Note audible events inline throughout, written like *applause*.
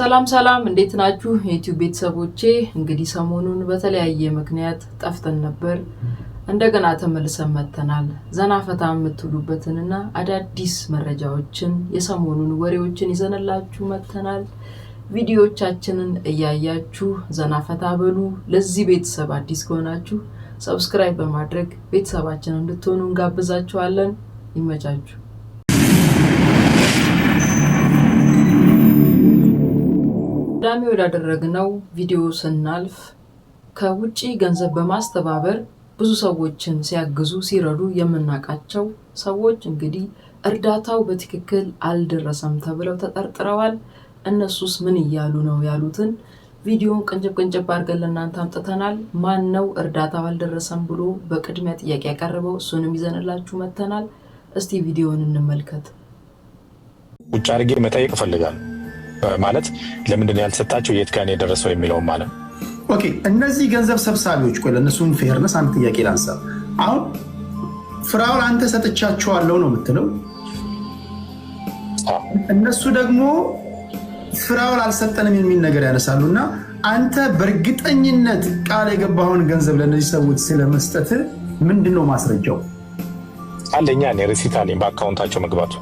ሰላም ሰላም፣ እንዴት ናችሁ የዩቲዩብ ቤተሰቦቼ? እንግዲህ ሰሞኑን በተለያየ ምክንያት ጠፍተን ነበር። እንደገና ተመልሰን መጥተናል። ዘና ፈታ የምትሉበትንና አዳዲስ መረጃዎችን የሰሞኑን ወሬዎችን ይዘንላችሁ መጥተናል። ቪዲዮዎቻችንን እያያችሁ ዘና ፈታ በሉ። ለዚህ ቤተሰብ አዲስ ከሆናችሁ ሰብስክራይብ በማድረግ ቤተሰባችን እንድትሆኑ እንጋብዛችኋለን። ይመቻችሁ። ወዳደረግነው ቪዲዮ ስናልፍ ከውጪ ገንዘብ በማስተባበር ብዙ ሰዎችን ሲያግዙ ሲረዱ የምናውቃቸው ሰዎች እንግዲህ እርዳታው በትክክል አልደረሰም ተብለው ተጠርጥረዋል። እነሱስ ምን እያሉ ነው ያሉትን ቪዲዮን ቅንጭብ ቅንጭብ አድርገን ለእናንተ አምጥተናል። ማን ነው እርዳታው አልደረሰም ብሎ በቅድሚያ ጥያቄ ያቀረበው? እሱንም ይዘንላችሁ መጥተናል። እስቲ ቪዲዮውን እንመልከት። ውጭ አድርጌ መጠየቅ እፈልጋለሁ ማለት ለምንድነው ያልተሰጣቸው የት ጋር የደረሰው የሚለውን ማለት ኦኬ። እነዚህ ገንዘብ ሰብሳቢዎች ቆይ ለእነሱን ፌርነስ አንድ ጥያቄ ላንሳ። አሁን ፍራውን አንተ ሰጥቻቸዋለሁ ነው የምትለው፣ እነሱ ደግሞ ፍራውን አልሰጠንም የሚል ነገር ያነሳሉ እና አንተ በእርግጠኝነት ቃል የገባኸውን ገንዘብ ለእነዚህ ሰዎች ስለመስጠት ምንድን ነው ማስረጃው? አለኛ ሪሲት አለኝ በአካውንታቸው መግባቱ።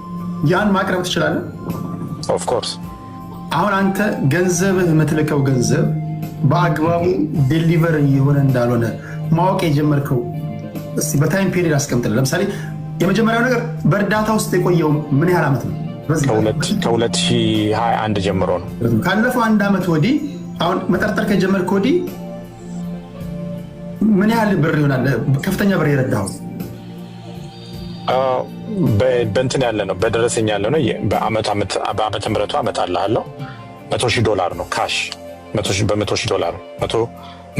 ያን ማቅረብ ትችላለህ? ኦፍኮርስ አሁን አንተ ገንዘብህ የምትልከው ገንዘብ በአግባቡ ዴሊቨር እየሆነ እንዳልሆነ ማወቅ የጀመርከው በታይም ፔሪድ አስቀምጥል። ለምሳሌ የመጀመሪያው ነገር በእርዳታ ውስጥ የቆየው ምን ያህል ዓመት ነው? ከ2021 ጀምሮ ነው። ካለፈው አንድ ዓመት ወዲህ አሁን መጠርጠር ከጀመርክ ወዲህ ምን ያህል ብር ይሆናል? ከፍተኛ ብር የረዳኸው በእንትን ያለ ነው በደረሰኝ ያለ ነው። በአመተ አመት አመጣልሃለሁ። መቶ ሺህ ዶላር ነው ካሽ በመቶ ሺህ ዶላር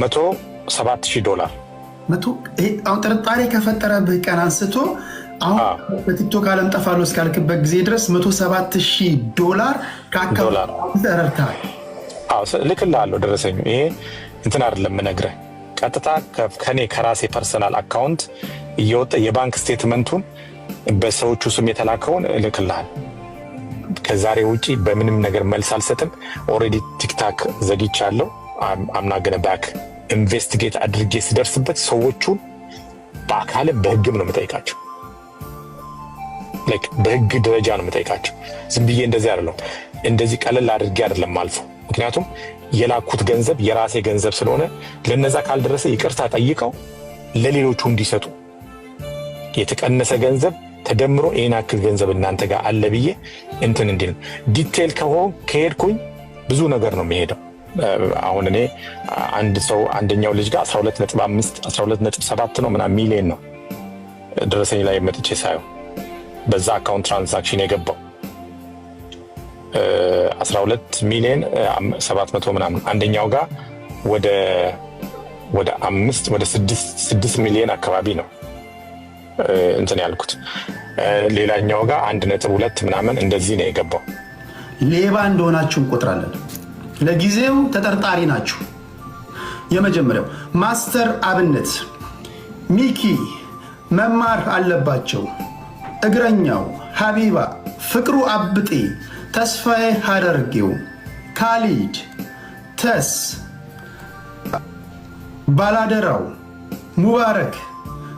መቶ ሰባት ሺህ ዶላር አሁን ጥርጣሬ ከፈጠረብህ ቀን አንስቶ አሁን በቲክቶክ አለም ጠፋለሁ እስካልክበት ጊዜ ድረስ መቶ ሰባት ሺህ ዶላር ከአካባቢ ተረድተሃል። ልክልሃለሁ ደረሰኙ። ይሄ እንትን አይደለም የምነግርህ ቀጥታ ከኔ ከራሴ ፐርሰናል አካውንት እየወጣ የባንክ ስቴትመንቱን በሰዎቹ ስም የተላከውን እልክልሃል። ከዛሬ ውጪ በምንም ነገር መልስ አልሰጥም። ኦልሬዲ ቲክታክ ዘግቻለሁ። አምናገነ ባክ ኢንቨስቲጌት አድርጌ ስደርስበት ሰዎቹን በአካልም በህግም ነው የምጠይቃቸው። በህግ ደረጃ ነው የምጠይቃቸው። ዝም ብዬ እንደዚህ አይደለም፣ እንደዚህ ቀለል አድርጌ አይደለም አልፎ። ምክንያቱም የላኩት ገንዘብ የራሴ ገንዘብ ስለሆነ ለነዛ ካልደረሰ ይቅርታ ጠይቀው ለሌሎቹ እንዲሰጡ የተቀነሰ ገንዘብ ተደምሮ ይህን ያክል ገንዘብ እናንተ ጋር አለ ብዬ እንትን እንዲል ዲቴል ከሆን ከሄድኩኝ ብዙ ነገር ነው የሚሄደው። አሁን እኔ አንድ ሰው አንደኛው ልጅ ጋር 12.5 12.7 ነው ምና ሚሊየን ነው ደረሰኝ ላይ መጥቼ ሳየው በዛ አካውንት ትራንዛክሽን የገባው 12 ሚሊየን 700 ምናምን አንደኛው ጋር ወደ ወደ አምስት ወደ ስድስት ሚሊዮን አካባቢ ነው እንትን ያልኩት። ሌላኛው ጋር አንድ ነጥብ ሁለት ምናምን እንደዚህ ነው የገባው። ሌባ እንደሆናችሁ እንቆጥራለን። ለጊዜው ተጠርጣሪ ናችሁ። የመጀመሪያው ማስተር አብነት ሚኪ መማር አለባቸው፣ እግረኛው ሀቢባ፣ ፍቅሩ አብጤ፣ ተስፋዬ ሀደርጌው፣ ካሊድ ተስ፣ ባላደራው፣ ሙባረክ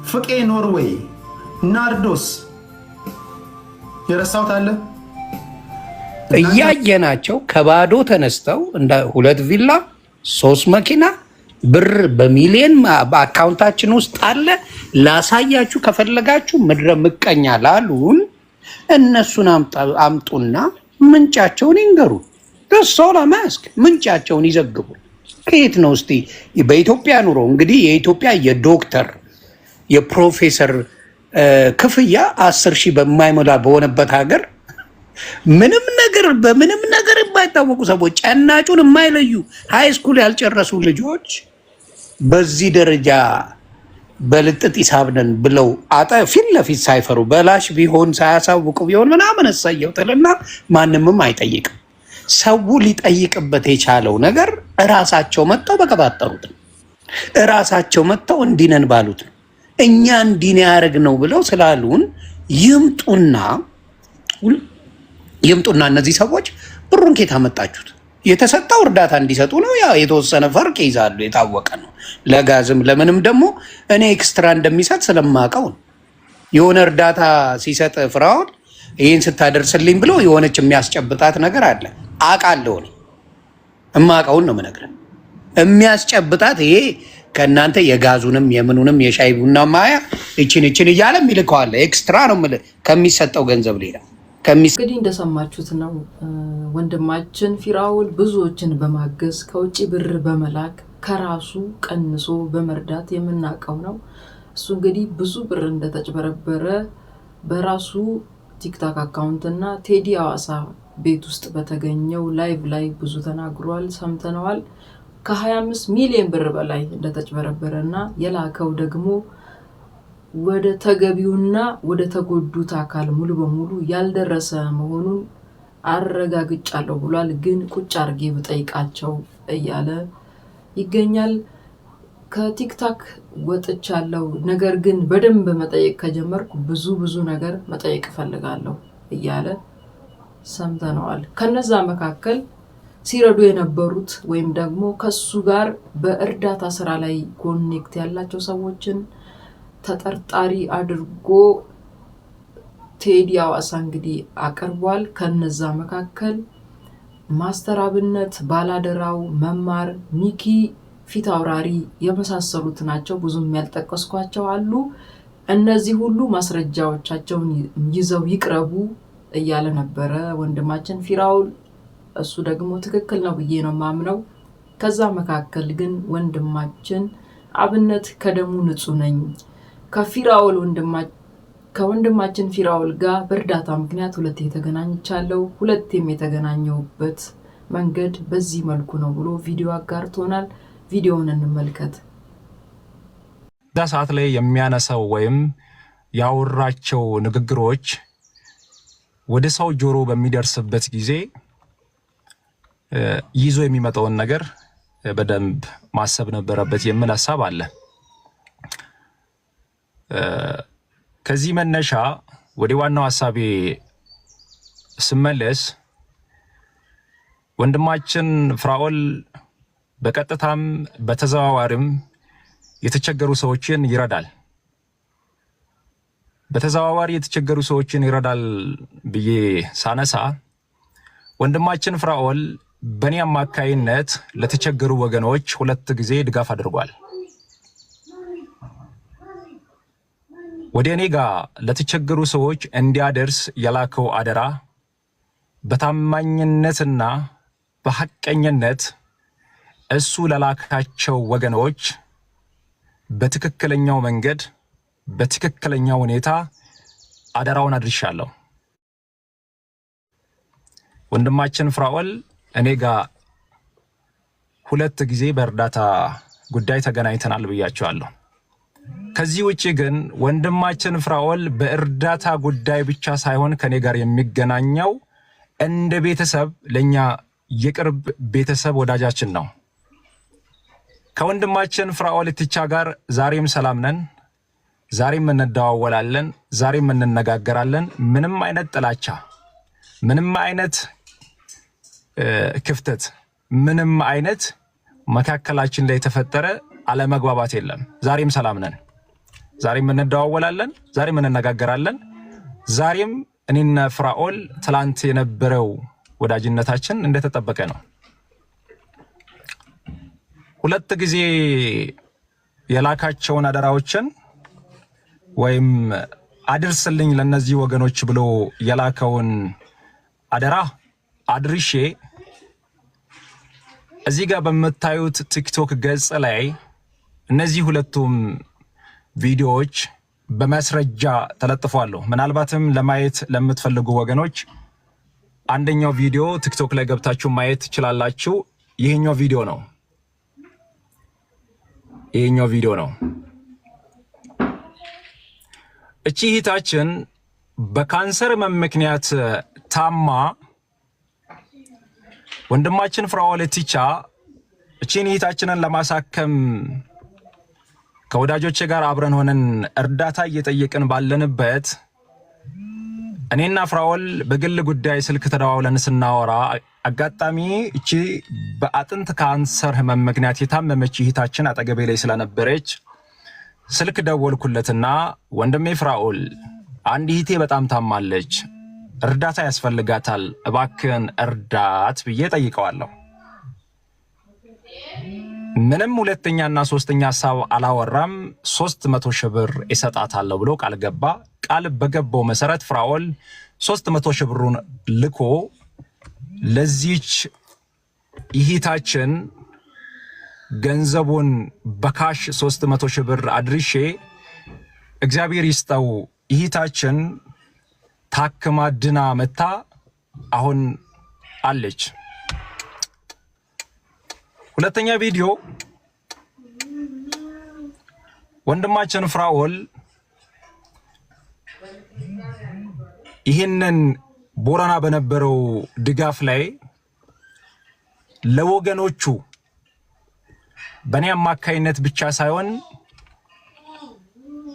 ፍቄ ኖርዌይ፣ ናርዶስ የረሳሁት አለ እያየናቸው ከባዶ ተነስተው እንደ ሁለት ቪላ ሶስት መኪና ብር በሚሊየን በአካውንታችን ውስጥ አለ። ላሳያችሁ ከፈለጋችሁ ምድረ ምቀኛ ላሉን እነሱን አምጡና ምንጫቸውን ይንገሩ። ደሶላ ማስክ ምንጫቸውን ይዘግቡ። ከየት ነው እስቲ በኢትዮጵያ ኑሮ እንግዲህ የኢትዮጵያ የዶክተር የፕሮፌሰር ክፍያ አስር ሺህ በማይሞላ በሆነበት ሀገር ምንም ነገር በምንም ነገር የማይታወቁ ሰዎች ጨናጩን የማይለዩ ሃይስኩል ያልጨረሱ ልጆች በዚህ ደረጃ በልጥጥ ይሳብነን ብለው አጠ ፊት ለፊት ሳይፈሩ በላሽ ቢሆን ሳያሳውቁ ቢሆን ምናምን እሳየው ጥልና ማንምም አይጠይቅም። ሰው ሊጠይቅበት የቻለው ነገር እራሳቸው መጥተው በቀባጠሩት ነው። እራሳቸው መጥተው እንዲነን ባሉት ነው። እኛ ያደርግ ነው ብለው ስላሉን ይምጡና ይምጡና እነዚህ ሰዎች ብሩን ኬት አመጣችሁት? የተሰጠው እርዳታ እንዲሰጡ ነው። ያ የተወሰነ ፈርቅ ይዛሉ፣ የታወቀ ነው። ለጋዝም ለምንም ደግሞ እኔ ኤክስትራ እንደሚሰጥ ስለማውቀው ነው። የሆነ እርዳታ ሲሰጥ ፍራውን ይህን ስታደርስልኝ ብሎ የሆነች የሚያስጨብጣት ነገር አለ አውቃለሁ። እኔ እማውቀውን ነው የምነግርህ። የሚያስጨብጣት ይሄ ከእናንተ የጋዙንም የምኑንም የሻይ ቡና ማያ እችን እችን እያለ ይልከዋለ። ኤክስትራ ነው ከሚሰጠው ገንዘብ ሌላ። እንግዲህ እንደሰማችሁት ነው ወንድማችን ፊራውል ብዙዎችን በማገዝ ከውጭ ብር በመላክ ከራሱ ቀንሶ በመርዳት የምናውቀው ነው። እሱ እንግዲህ ብዙ ብር እንደተጭበረበረ በራሱ ቲክታክ አካውንት እና ቴዲ አዋሳ ቤት ውስጥ በተገኘው ላይቭ ላይ ብዙ ተናግሯል፣ ሰምተነዋል። ከ25 ሚሊዮን ብር በላይ እንደተጭበረበረ እና የላከው ደግሞ ወደ ተገቢውና ወደ ተጎዱት አካል ሙሉ በሙሉ ያልደረሰ መሆኑን አረጋግጫለሁ ብሏል። ግን ቁጭ አርጌ ብጠይቃቸው እያለ ይገኛል። ከቲክታክ ወጥቻለሁ፣ ነገር ግን በደንብ መጠየቅ ከጀመርኩ ብዙ ብዙ ነገር መጠየቅ እፈልጋለሁ እያለ ሰምተነዋል። ከነዛ መካከል ሲረዱ የነበሩት ወይም ደግሞ ከሱ ጋር በእርዳታ ስራ ላይ ኮኔክት ያላቸው ሰዎችን ተጠርጣሪ አድርጎ ቴዲ አዋሳ እንግዲህ አቅርቧል። ከነዛ መካከል ማስተር አብነት፣ ባላደራው መማር፣ ሚኪ ፊት አውራሪ የመሳሰሉት ናቸው። ብዙም ያልጠቀስኳቸው አሉ። እነዚህ ሁሉ ማስረጃዎቻቸውን ይዘው ይቅረቡ እያለ ነበረ ወንድማችን ፊራውል እሱ ደግሞ ትክክል ነው ብዬ ነው ማምነው። ከዛ መካከል ግን ወንድማችን አብነት ከደሙ ንጹህ ነኝ ከፊራውል ከወንድማችን ፊራውል ጋር በእርዳታ ምክንያት ሁለቴ የተገናኝቻለሁ። ሁለቴም የተገናኘሁበት መንገድ በዚህ መልኩ ነው ብሎ ቪዲዮ አጋርቶናል። ቪዲዮውን እንመልከት። ዳ ሰዓት ላይ የሚያነሳው ወይም ያወራቸው ንግግሮች ወደ ሰው ጆሮ በሚደርስበት ጊዜ ይዞ የሚመጣውን ነገር በደንብ ማሰብ ነበረበት የሚል ሀሳብ አለ። ከዚህ መነሻ ወደ ዋናው ሀሳቤ ስመለስ ወንድማችን ፍራኦል በቀጥታም በተዘዋዋሪም የተቸገሩ ሰዎችን ይረዳል። በተዘዋዋሪ የተቸገሩ ሰዎችን ይረዳል ብዬ ሳነሳ ወንድማችን ፍራኦል በእኔ አማካይነት ለተቸገሩ ወገኖች ሁለት ጊዜ ድጋፍ አድርጓል። ወደ እኔ ጋር ለተቸገሩ ሰዎች እንዲያደርስ የላከው አደራ በታማኝነትና በሐቀኝነት እሱ ለላካቸው ወገኖች በትክክለኛው መንገድ በትክክለኛ ሁኔታ አደራውን አድርሻለሁ። ወንድማችን ፍራኦል እኔ ጋር ሁለት ጊዜ በእርዳታ ጉዳይ ተገናኝተናል ብያቸዋለሁ። ከዚህ ውጭ ግን ወንድማችን ፍራኦል በእርዳታ ጉዳይ ብቻ ሳይሆን ከኔ ጋር የሚገናኘው እንደ ቤተሰብ ለእኛ የቅርብ ቤተሰብ ወዳጃችን ነው። ከወንድማችን ፍራኦል ኢትቻ ጋር ዛሬም ሰላም ነን፣ ዛሬም እንደዋወላለን፣ ዛሬም እንነጋገራለን። ምንም አይነት ጥላቻ፣ ምንም አይነት ክፍተት፣ ምንም አይነት መካከላችን ላይ የተፈጠረ አለመግባባት የለም። ዛሬም ሰላም ነን። ዛሬም እንደዋወላለን። ዛሬም እንነጋገራለን። ዛሬም እኔና ፍራኦል ትላንት የነበረው ወዳጅነታችን እንደተጠበቀ ነው። ሁለት ጊዜ የላካቸውን አደራዎችን ወይም አድርስልኝ ለእነዚህ ወገኖች ብሎ የላከውን አደራ አድርሼ እዚህ ጋር በምታዩት ቲክቶክ ገጽ ላይ እነዚህ ሁለቱም ቪዲዮዎች በማስረጃ ተለጥፏሉ። ምናልባትም ለማየት ለምትፈልጉ ወገኖች አንደኛው ቪዲዮ ቲክቶክ ላይ ገብታችሁ ማየት ትችላላችሁ። ይሄኛው ቪዲዮ ነው። ይሄኛው ቪዲዮ ነው። እቺ እህታችን በካንሰር ምክንያት ታማ ወንድማችን ፍራኦል ቲቻ እቺን እህታችንን ለማሳከም ከወዳጆቼ ጋር አብረን ሆነን እርዳታ እየጠየቅን ባለንበት እኔና ፍራወል በግል ጉዳይ ስልክ ተደዋውለን ስናወራ አጋጣሚ እቺ በአጥንት ካንሰር ህመም ምክንያት የታመመች እህታችን አጠገቤ ላይ ስለነበረች ስልክ ደወልኩለትና ወንድሜ ፍራኦል አንድ እህቴ በጣም ታማለች እርዳታ ያስፈልጋታል፣ እባክን እርዳት ብዬ ጠይቀዋለሁ። ምንም ሁለተኛና ሶስተኛ ሀሳብ አላወራም። ሶስት መቶ ሺህ ብር ይሰጣታለሁ ብሎ ቃል ገባ። ቃል በገባው መሰረት ፍራኦል ሶስት መቶ ሺህ ብሩን ልኮ ለዚች ይሂታችን ገንዘቡን በካሽ ሶስት መቶ ሺህ ብር አድርሼ እግዚአብሔር ይስጠው ይሂታችን ታክማ ድና መታ አሁን አለች። ሁለተኛ ቪዲዮ ወንድማችን ፍራኦል ይህንን ቦረና በነበረው ድጋፍ ላይ ለወገኖቹ በእኔ አማካይነት ብቻ ሳይሆን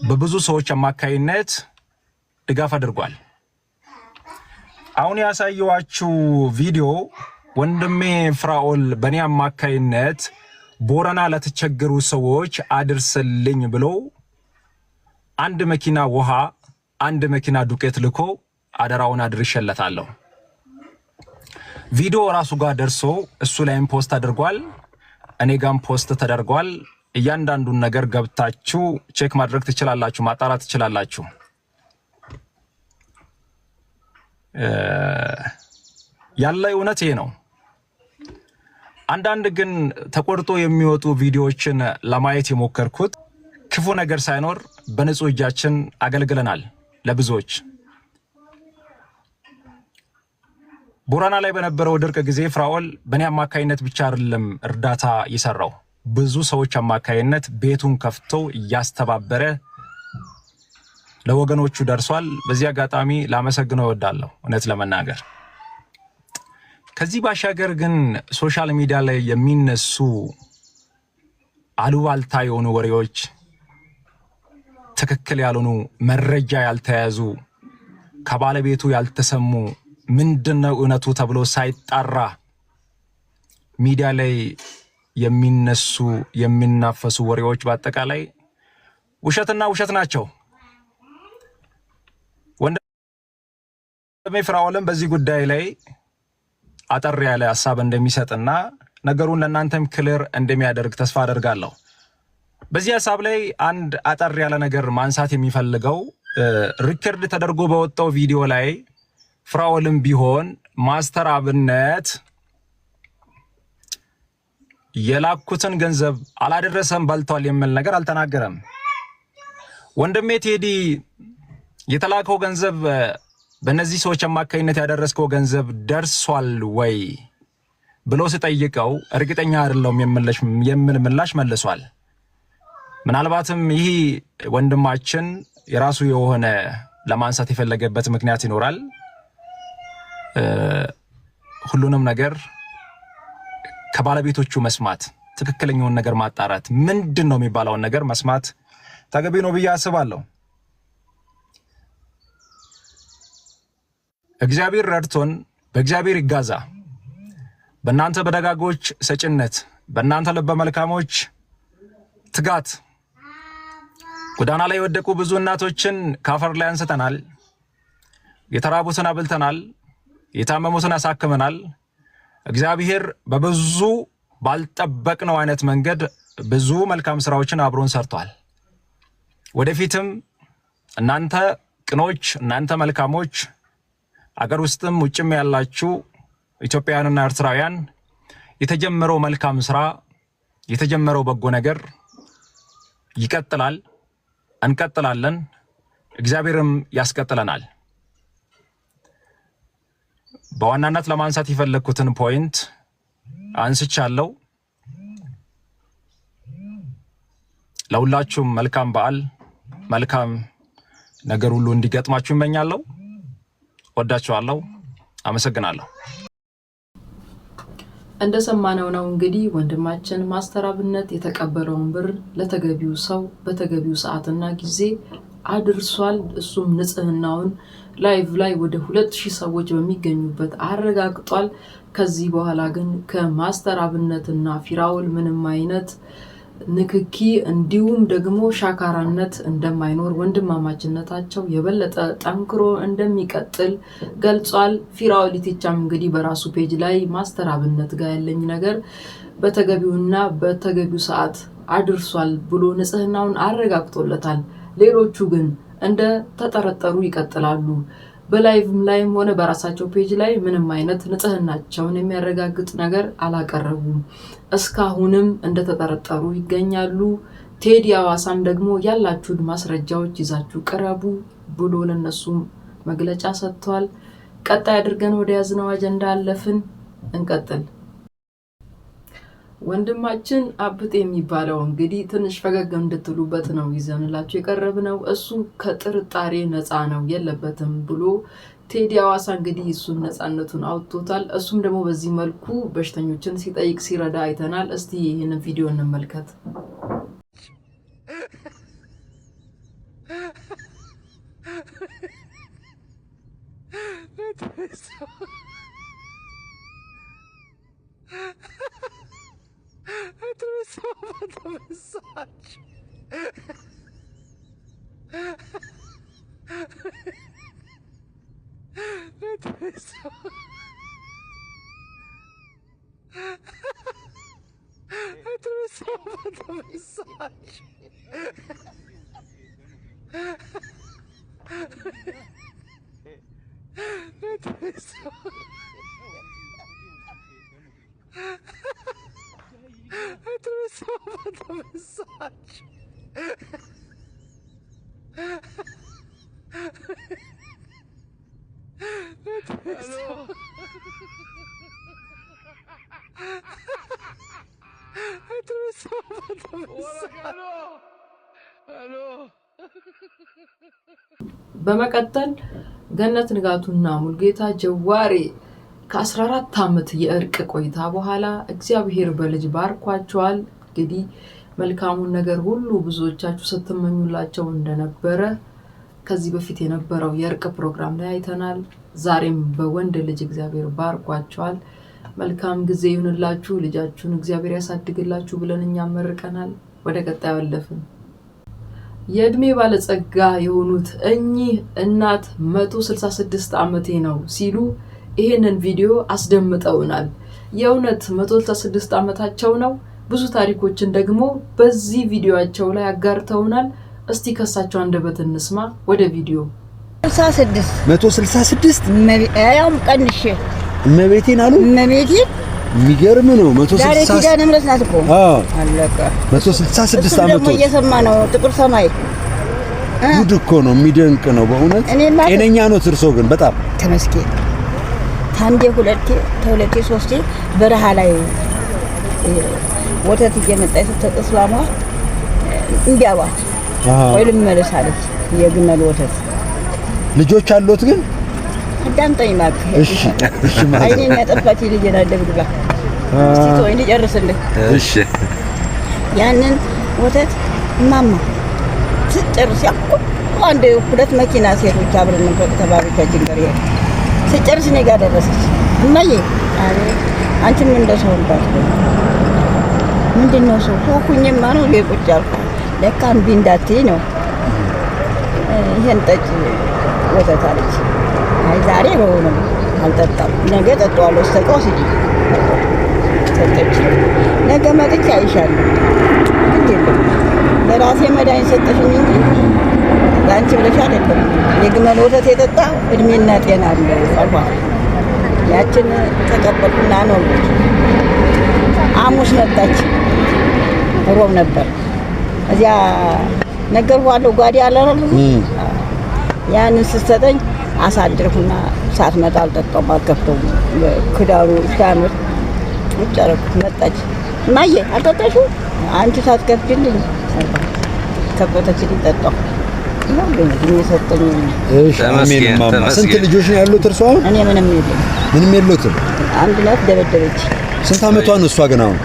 በብዙ ሰዎች አማካይነት ድጋፍ አድርጓል። አሁን ያሳየዋችሁ ቪዲዮ ወንድሜ ፍራኦል በእኔ አማካይነት ቦረና ለተቸገሩ ሰዎች አድርስልኝ ብሎ አንድ መኪና ውሃ፣ አንድ መኪና ዱቄት ልኮ አደራውን አድርሸለታለሁ። ቪዲዮ ራሱ ጋር ደርሶ እሱ ላይም ፖስት አድርጓል፣ እኔ ጋም ፖስት ተደርጓል። እያንዳንዱን ነገር ገብታችሁ ቼክ ማድረግ ትችላላችሁ፣ ማጣራት ትችላላችሁ። ያለ እውነት ይሄ ነው። አንዳንድ ግን ተቆርጦ የሚወጡ ቪዲዮዎችን ለማየት የሞከርኩት ክፉ ነገር ሳይኖር በንጹህ እጃችን አገልግለናል። ለብዙዎች ቦረና ላይ በነበረው ድርቅ ጊዜ ፍራኦል በእኔ አማካይነት ብቻ አይደለም እርዳታ የሰራው ብዙ ሰዎች አማካይነት ቤቱን ከፍቶ እያስተባበረ ለወገኖቹ ደርሷል። በዚህ አጋጣሚ ላመሰግነው እወዳለሁ እውነት ለመናገር ከዚህ ባሻገር ግን ሶሻል ሚዲያ ላይ የሚነሱ አሉባልታ የሆኑ ወሬዎች፣ ትክክል ያልሆኑ መረጃ ያልተያዙ ከባለቤቱ ያልተሰሙ ምንድን ነው እውነቱ ተብሎ ሳይጣራ ሚዲያ ላይ የሚነሱ የሚናፈሱ ወሬዎች በአጠቃላይ ውሸትና ውሸት ናቸው። ቅድሜ ፍራኦልም በዚህ ጉዳይ ላይ አጠር ያለ ሀሳብ እንደሚሰጥና ነገሩን ለእናንተም ክልር እንደሚያደርግ ተስፋ አደርጋለሁ። በዚህ ሀሳብ ላይ አንድ አጠር ያለ ነገር ማንሳት የሚፈልገው ሪከርድ ተደርጎ በወጣው ቪዲዮ ላይ ፍራወልም ቢሆን ማስተር አብነት የላኩትን ገንዘብ አላደረሰም በልቷል የሚል ነገር አልተናገረም። ወንድሜ ቴዲ የተላከው ገንዘብ በእነዚህ ሰዎች አማካኝነት ያደረስከው ገንዘብ ደርሷል ወይ ብሎ ስጠይቀው እርግጠኛ አይደለሁም የሚል ምላሽ መልሷል። ምናልባትም ይህ ወንድማችን የራሱ የሆነ ለማንሳት የፈለገበት ምክንያት ይኖራል። ሁሉንም ነገር ከባለቤቶቹ መስማት፣ ትክክለኛውን ነገር ማጣራት፣ ምንድን ነው የሚባለውን ነገር መስማት ተገቢ ነው ብዬ አስባለሁ። እግዚአብሔር ረድቶን በእግዚአብሔር ይጋዛ። በእናንተ በደጋጎች ሰጭነት፣ በእናንተ ልበ መልካሞች ትጋት ጎዳና ላይ የወደቁ ብዙ እናቶችን ከአፈር ላይ አንስተናል። የተራቡትን አብልተናል። የታመሙትን አሳክመናል። እግዚአብሔር በብዙ ባልጠበቅነው አይነት መንገድ ብዙ መልካም ስራዎችን አብሮን ሰርቷል። ወደፊትም እናንተ ቅኖች፣ እናንተ መልካሞች አገር ውስጥም ውጭም ያላችሁ ኢትዮጵያውያንና ኤርትራውያን የተጀመረው መልካም ስራ የተጀመረው በጎ ነገር ይቀጥላል። እንቀጥላለን። እግዚአብሔርም ያስቀጥለናል። በዋናነት ለማንሳት የፈለግኩትን ፖይንት አንስቻለሁ። ለሁላችሁም መልካም በዓል፣ መልካም ነገር ሁሉ እንዲገጥማችሁ ይመኛለሁ። ወዳችኋለሁ። አመሰግናለሁ። እንደሰማነው ነው እንግዲህ ወንድማችን ማስተር አብነት የተቀበለውን ብር ለተገቢው ሰው በተገቢው ሰዓትና ጊዜ አድርሷል። እሱም ንጽህናውን ላይቭ ላይ ወደ ሁለት ሺህ ሰዎች በሚገኙበት አረጋግጧል። ከዚህ በኋላ ግን ከማስተር አብነትና ፊራውል ምንም አይነት ንክኪ እንዲሁም ደግሞ ሻካራነት እንደማይኖር ወንድማማችነታቸው የበለጠ ጠንክሮ እንደሚቀጥል ገልጿል። ፊራኦል ኢቴቻም እንግዲህ በራሱ ፔጅ ላይ ማስተር አብነት ጋር ያለኝ ነገር በተገቢውና በተገቢው ሰዓት አድርሷል ብሎ ንጽህናውን አረጋግጦለታል። ሌሎቹ ግን እንደ ተጠረጠሩ ይቀጥላሉ። በላይቭም ላይም ሆነ በራሳቸው ፔጅ ላይ ምንም አይነት ንጽህናቸውን የሚያረጋግጥ ነገር አላቀረቡም። እስካሁንም እንደተጠረጠሩ ይገኛሉ። ቴዲ አዋሳም ደግሞ ያላችሁን ማስረጃዎች ይዛችሁ ቅረቡ ብሎ ለነሱም መግለጫ ሰጥቷል። ቀጣይ አድርገን ወደ ያዝነው አጀንዳ አለፍን። እንቀጥል። ወንድማችን አብጥ የሚባለው እንግዲህ ትንሽ ፈገግ እንድትሉበት ነው ይዘንላቸው የቀረብነው። እሱ ከጥርጣሬ ነፃ ነው የለበትም ብሎ ቴዲ አዋሳ እንግዲህ እሱም ነፃነቱን አውጥቶታል። እሱም ደግሞ በዚህ መልኩ በሽተኞችን ሲጠይቅ ሲረዳ አይተናል። እስቲ ይህንን ቪዲዮ እንመልከት። *laughs* so በመቀጠል ገነት ንጋቱና ሙልጌታ ጀዋሬ ከ14 ዓመት የእርቅ ቆይታ በኋላ እግዚአብሔር በልጅ ባርኳቸዋል። እንግዲህ መልካሙን ነገር ሁሉ ብዙዎቻችሁ ስትመኙላቸው እንደነበረ ከዚህ በፊት የነበረው የእርቅ ፕሮግራም ላይ አይተናል። ዛሬም በወንድ ልጅ እግዚአብሔር ባርኳቸዋል። መልካም ጊዜ ይሁንላችሁ፣ ልጃችሁን እግዚአብሔር ያሳድግላችሁ ብለን እኛ መርቀናል። ወደ ቀጣይ አለፍን። የእድሜ ባለጸጋ የሆኑት እኚህ እናት 166 ዓመቴ ነው ሲሉ ይህንን ቪዲዮ አስደምጠውናል። የእውነት 166 ዓመታቸው ነው። ብዙ ታሪኮችን ደግሞ በዚህ ቪዲዮቸው ላይ አጋርተውናል። እስቲ ከሳቸው አንደበት እንስማ። ወደ ቪዲዮ 166 166 ቀንሽ እመቤቴን አሉ እመቤቴን የሚገርም ነው። 166 ዓመት እየሰማ ነው። ጥቁር ሰማይ ጉድ እኮ ነው። የሚደንቅ ነው በእውነት ጤነኛ ነው። እርሶ ግን በጣም ተመስገን። ታንዴ ሁለቴ ተሁለቴ ሶስቴ በረሃ ላይ ወተት እየመጣች ተጠስላማ እንዲያባት ወይ ልመለስ አለች። የግመል ወተት ልጆች አሉት ግን አዳምጠኝ እባክህ። እሺ እሺ ያንን ወተት እማማ ስጨርስ አንድ ሁለት መኪና ሴቶች አብረን ስጨርስ እኔ ጋር ደረሰች። እማዬ አንቺም ምንድን ነው ሰው ሆኩኝማ ነው ቁጭ አልኩ። ለካ እምቢ ነው ይሄን ወተት አለች። አይ ዛሬ በሆነም አልጠጣም፣ ነገ ጠጣዋለሁ። ስተቀው ስጂ ሰጠች። ነገ መጥቼ አይሻለሁ። ግድ ለራሴ መድኃኒት ሰጠሽኝ እንጂ ለአንቺ ብለሽ አይደለም። የግመል ወተት የጠጣ እድሜና ጤና አለ አልኳት። ያችን ተቀበልኩና ነው ሐሙስ መጣች። ሮብ ነበር እዚያ ነገር ዋለው ጓዴ አላረሉ ያንን ስትሰጠኝ አሳድርኩና መጣል ጠጣው ማከፍተው ክዳሩ ሲያምር ውጭ መጣች ማየ አልጠጣሽም አንቺ ሳትከፍችልኝ ከቆተችልኝ ጠጣሁ። ስንት ልጆች ነው ያሉት እርሷ? እኔ ምንም የለኝም። ምንም አንድ ናት። ደበደበች። ስንት አመቷ ነው እሷ ግን አሁን?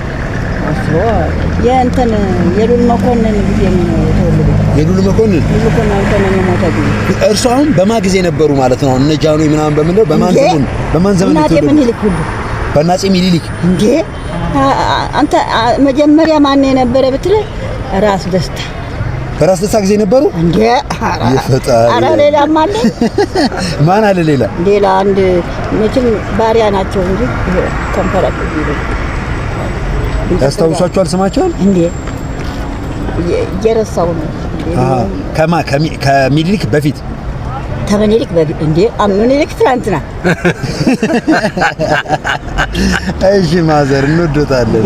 የእንትን የሉል መኮንን ጊዜ ነው የሉል መኮንን እርሱ አሁን በማን ጊዜ ነበሩ ማለት ነው? እነ ጃኖ ምናምን በምን ነው በማን ዘመን በማን ዘመን ነው የተወለደው? ምኒልክ ሁሉ በአፄ ምኒልክ እንዴ! አንተ መጀመሪያ ማን የነበረ ብትል ራስ ደስታ በራስ ደስታ ጊዜ ነበሩ እንዴ? ኧረ ሌላም አለ። *laughs* ማን አለ ሌላ? ሌላ አንድ መቼም ባሪያ ናቸው እንጂ ኮምፓራቲቭ ያስታውሳችኋል? ስማቸውን እንዴ የረሳው ነው። ከማ ከሚኒሊክ በፊት ከሚኒሊክ በፊት እንዴ ሚኒሊክ ትናንትና። እሺ ማዘር እንወዶታለን።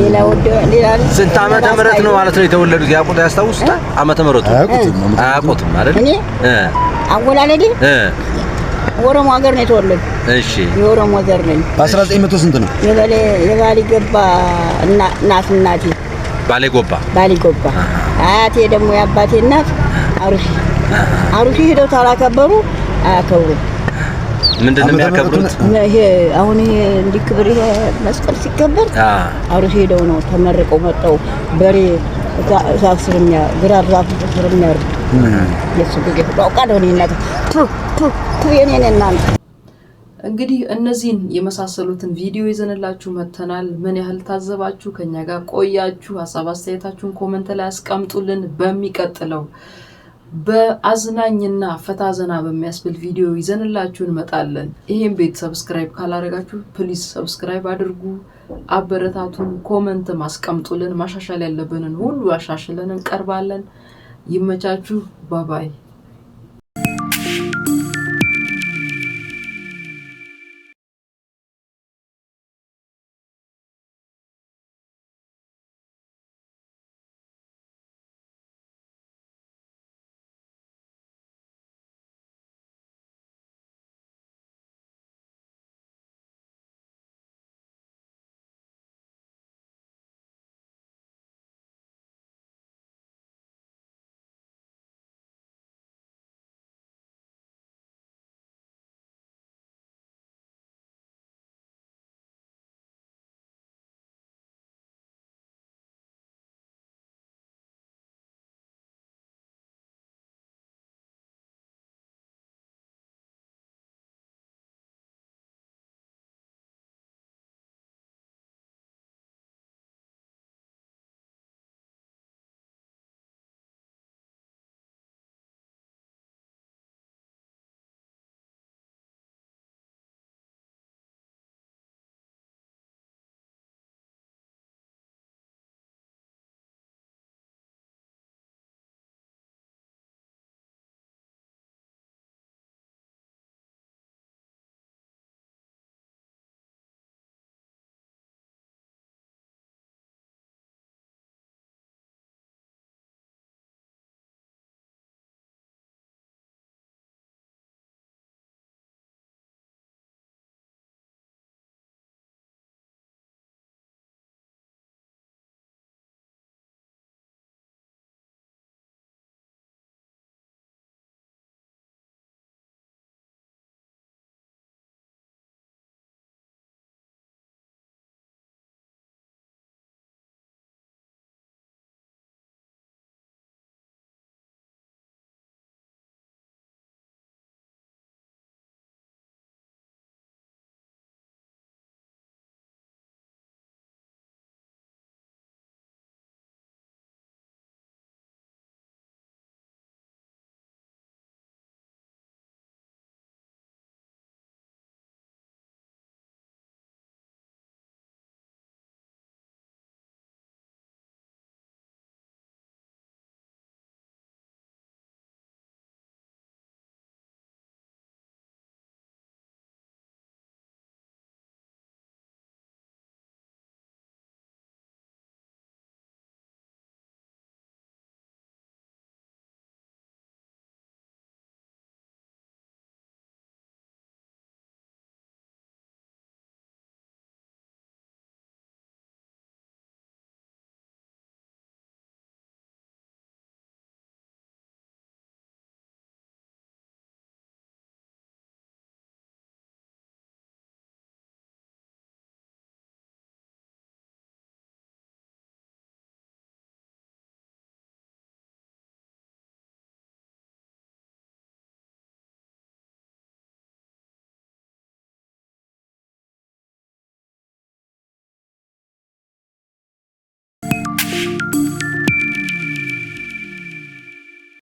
ስንት ዓመተ ምህረት ነው ማለት ነው የተወለዱት? ያውቁት ያስታውሱታል? ዓመተ ምህረቱ አያውቁትም አይደል? እኔ አወላለዴ ኦሮሞ ሀገር ነው የተወለዱ። እሺ የኦሮሞ ዘር ነኝ። በ1900 ስንት ነው የባሌ የባሌ ገባ እናት እናቴ ባሌ ጎባ ባሌ ጎባ። አያቴ ደግሞ የአባቴ እናት አሩሲ አሩሲ ሄደው ታላከበሩ አያከብሩ ምንድን ነው የሚያከብሩት? ይሄ አሁን ይሄ እንዲህ ክብር ይሄ መስቀል ሲከበር አሩሲ ሄደው ነው ተመርቀው መጠው በሬ ዛፍ ስር የሚያ ግራር ዛፍ ስር የሚያርዱ የሱ ጊዜ ቃ ደሆነ ይናገር የኔን እናንተ እንግዲህ እነዚህን የመሳሰሉትን ቪዲዮ ይዘንላችሁ መጥተናል። ምን ያህል ታዘባችሁ? ከኛ ጋር ቆያችሁ? ሀሳብ አስተያየታችሁን ኮመንት ላይ አስቀምጡልን። በሚቀጥለው በአዝናኝና ፈታ ዘና በሚያስብል ቪዲዮ ይዘንላችሁ እንመጣለን። ይህም ቤት ሰብስክራይብ ካላደረጋችሁ ፕሊዝ ሰብስክራይብ አድርጉ፣ አበረታቱን። ኮመንት አስቀምጡልን። ማሻሻል ያለብንን ሁሉ አሻሽለን እንቀርባለን። ይመቻችሁ። ባባይ